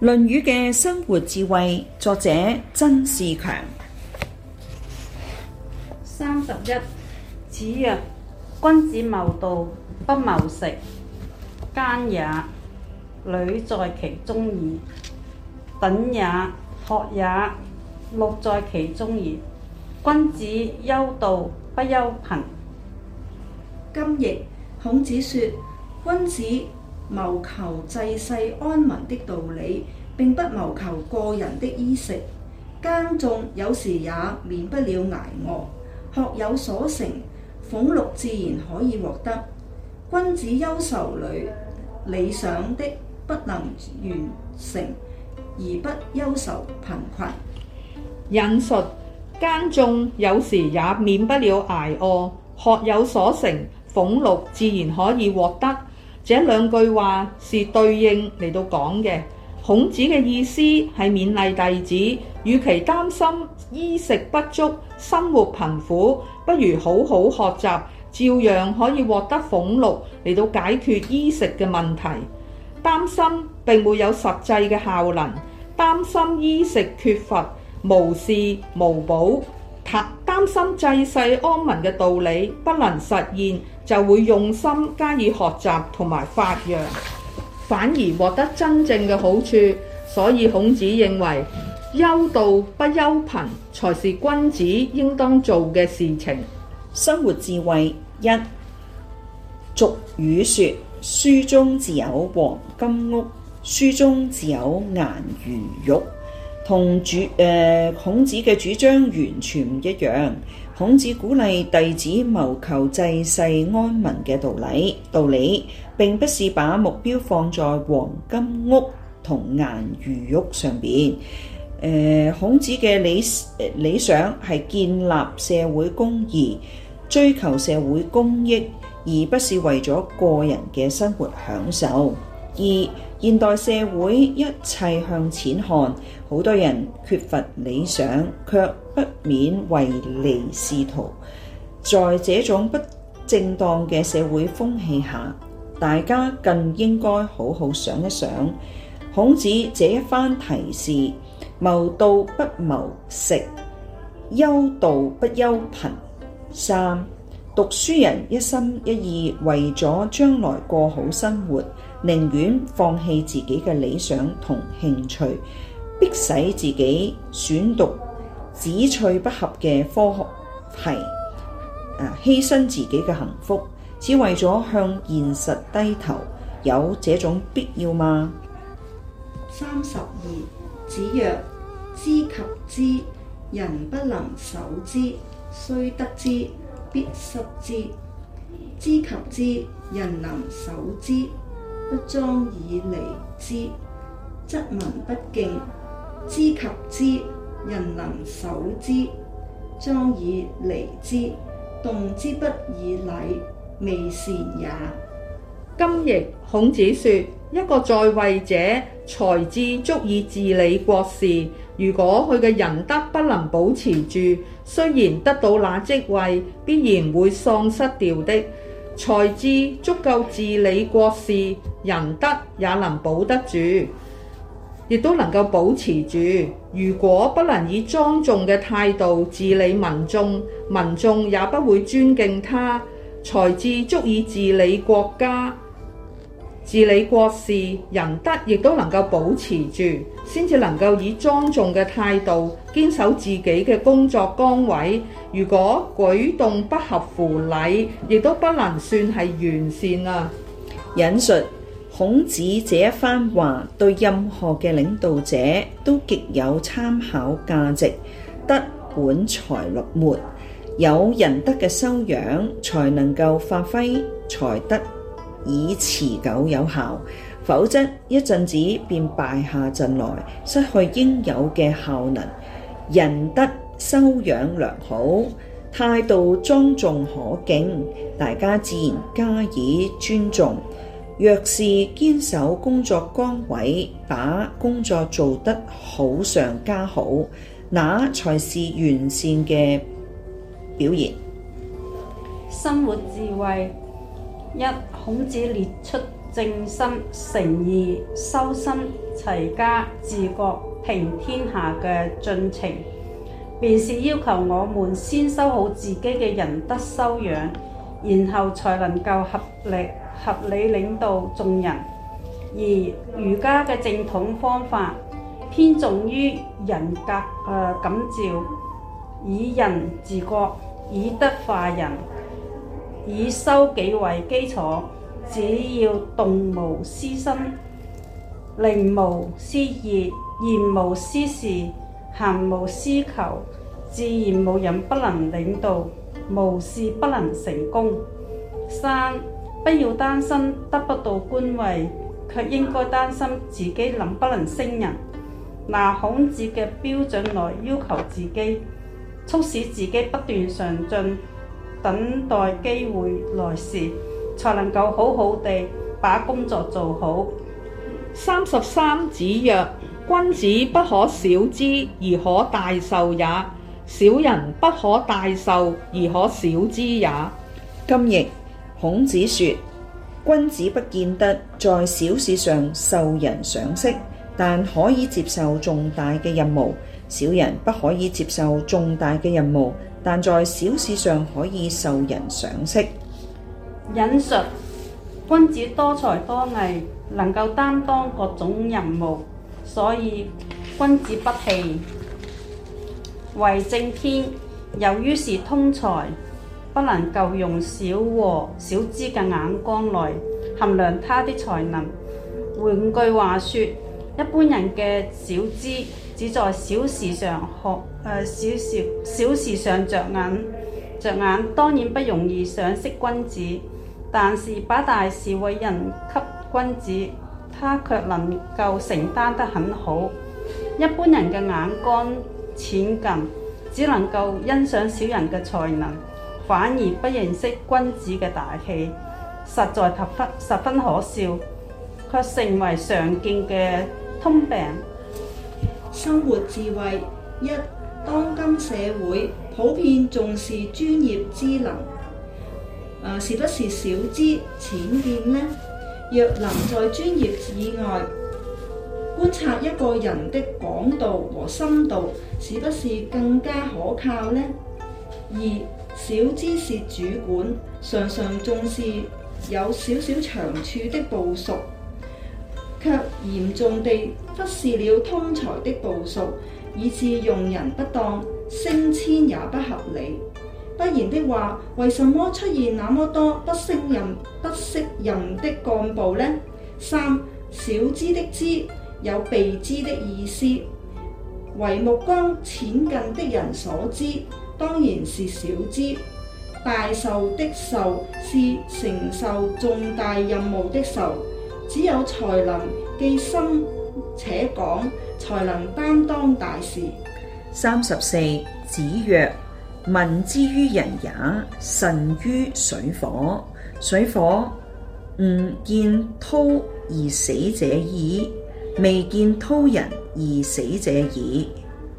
《論語》嘅生活智慧，作者曾仕強。三十一，子曰：君子謀道不謀食，耕也；餒在其中矣，本也；學也；祿在其中矣。君子憂道不憂貧。今譯孔子說：君子。謀求濟世安民的道理，並不謀求個人的衣食。耕種有時也免不了挨餓，學有所成，俸祿自然可以獲得。君子憂愁，理想的不能完成，而不憂愁，貧困。引述耕種有時也免不了挨餓，學有所成，俸祿自然可以獲得。這兩句話是對應嚟到講嘅，孔子嘅意思係勉勵弟子，與其擔心衣食不足、生活貧苦，不如好好學習，照樣可以獲得俸祿嚟到解決衣食嘅問題。擔心並冇有實際嘅效能，擔心衣食缺乏無事無補，擔心濟世安民嘅道理不能實現。就會用心加以學習同埋發揚，反而獲得真正嘅好處。所以孔子認為，憂道不憂貧，才是君子應當做嘅事情。生活智慧一，俗語說：書中自有黃金屋，書中自有顏如玉、玉。同主誒、呃，孔子嘅主張完全唔一樣。孔子鼓勵弟子謀求濟世安民嘅道理，道理並不是把目標放在黃金屋同顏如玉上面。誒、呃，孔子嘅理理想係建立社會公義，追求社會公益，而不是為咗個人嘅生活享受。二現代社會一切向錢看，好多人缺乏理想，卻不免唯利是圖。在這種不正當嘅社會風氣下，大家更應該好好想一想。孔子這一番提示：謀道不謀食，憂道不憂貧。三、讀書人一心一意，為咗將來過好生活。寧願放棄自己嘅理想同興趣，迫使自己選讀志趣不合嘅科學系，誒、啊、犧牲自己嘅幸福，只為咗向現實低頭，有這種必要嗎？三十二。子曰：知及之，仁不能守之，雖得之必失之；知及之，仁能守之。不莊以蒞之，則民不敬；知及之，仁能守之，莊以蒞之，動之不以禮，未善也。今亦孔子說：一個在位者，才智足以治理國事，如果佢嘅仁德不能保持住，雖然得到那職位，必然會喪失掉的。才智足夠治理國事，仁德也能保得住，亦都能夠保持住。如果不能以莊重嘅態度治理民眾，民眾也不會尊敬他。才智足以治理國家。治理國事，仁德亦都能夠保持住，先至能夠以莊重嘅態度堅守自己嘅工作崗位。如果舉動不合乎禮，亦都不能算係完善啊！引述孔子這一番話，對任何嘅領導者都極有參考價值。德管財律沒，沒有仁德嘅修養，才能夠發揮才德。以持久，有效，否則一陣子便敗下陣來，失去應有嘅效能。人德修養良好，態度莊重可敬，大家自然加以尊重。若是堅守工作崗位，把工作做得好上加好，那才是完善嘅表現。生活智慧一。孔子列出正心誠意修身齊家治國平天下嘅進程，便是要求我們先修好自己嘅仁德修養，然後才能夠合力合理領導眾人。而儒家嘅正統方法偏重於人格誒感召，以仁治國，以德化人。以修己為基礎，只要動無私心，令無私意，言無私事，行無私求，自然無人不能領導，無事不能成功。三，不要擔心得不到官位，却應該擔心自己能不能升人。拿孔子嘅標準來要求自己，促使自己不斷上進。等待機會來時，才能夠好好地把工作做好。三十三，子曰：君子不可小知而可大受也；小人不可大受而可小知也。今譯，孔子說：君子不見得在小事上受人賞識，但可以接受重大嘅任務；小人不可以接受重大嘅任務。但在小事上可以受人賞識。引述，君子多才多藝，能夠擔當各種任務，所以君子不器。為政篇，由於是通才，不能夠用小和小知嘅眼光來衡量他的才能。換句話說，一般人嘅小知。只在小事上學，誒、呃、小事小事上着眼，着眼，當然不容易賞識君子。但是把大事委任給君子，他卻能夠承擔得很好。一般人嘅眼光淺近，只能夠欣賞小人嘅才能，反而不認識君子嘅大氣，實在十分十分可笑，卻成為常見嘅通病。生活智慧。一、當今社會普遍重視專業知能，呃，是不是小知淺見呢？若能在專業以外觀察一個人的廣度和深度，是不是更加可靠呢？二、，小知是主管，常常重視有少少長處的部屬。卻嚴重地忽視了通才的部署，以致用人不當，升遷也不合理。不然的話，為什麼出現那麼多不勝任、不適任的幹部呢？三、小知的知有被知的意思，為目光淺近的人所知，當然是小知。大受的受是承受重大任務的受。只有才能既深且廣，才能擔當大事。三十四子曰：民之於人也，甚於水火。水火，唔、嗯、見蹈而死者矣，未見蹈人而死者矣。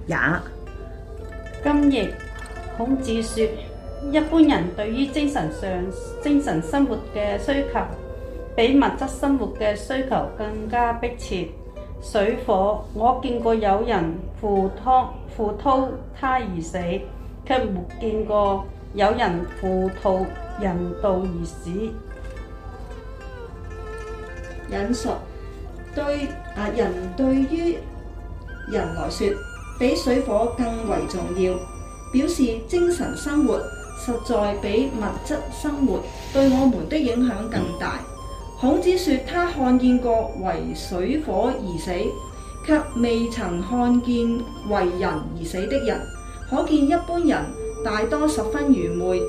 也。今日孔子說，一般人對於精神上、精神生活嘅需求。比物質生活嘅需求更加迫切。水火，我見過有人赴湯蹈火他而死，卻沒見過有人赴蹈人道而死。引述對啊，人對於人來說，比水火更為重要，表示精神生活實在比物質生活對我們的影響更大。孔子說，他看見過為水火而死，卻未曾看見為人而死的人。可見一般人大多十分愚昧，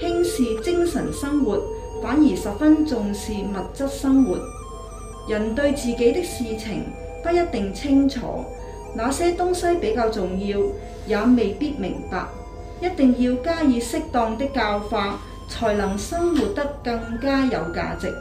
輕視精神生活，反而十分重視物質生活。人對自己的事情不一定清楚，哪些東西比較重要，也未必明白。一定要加以適當的教化，才能生活得更加有價值。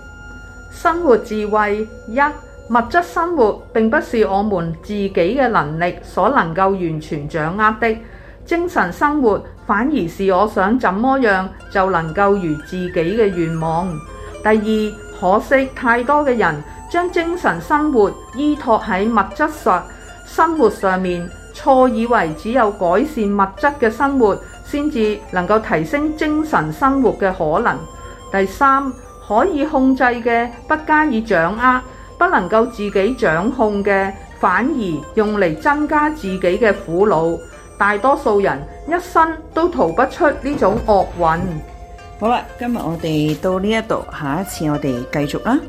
生活智慧一，物質生活並不是我們自己嘅能力所能夠完全掌握的，精神生活反而是我想怎麼樣就能夠如自己嘅願望。第二，可惜太多嘅人將精神生活依託喺物質上生活上面，錯以為只有改善物質嘅生活先至能夠提升精神生活嘅可能。第三。可以控制嘅，不加以掌握，不能夠自己掌控嘅，反而用嚟增加自己嘅苦惱。大多數人一生都逃不出呢種惡運。嗯、好啦，今日我哋到呢一度，下一次我哋繼續啦。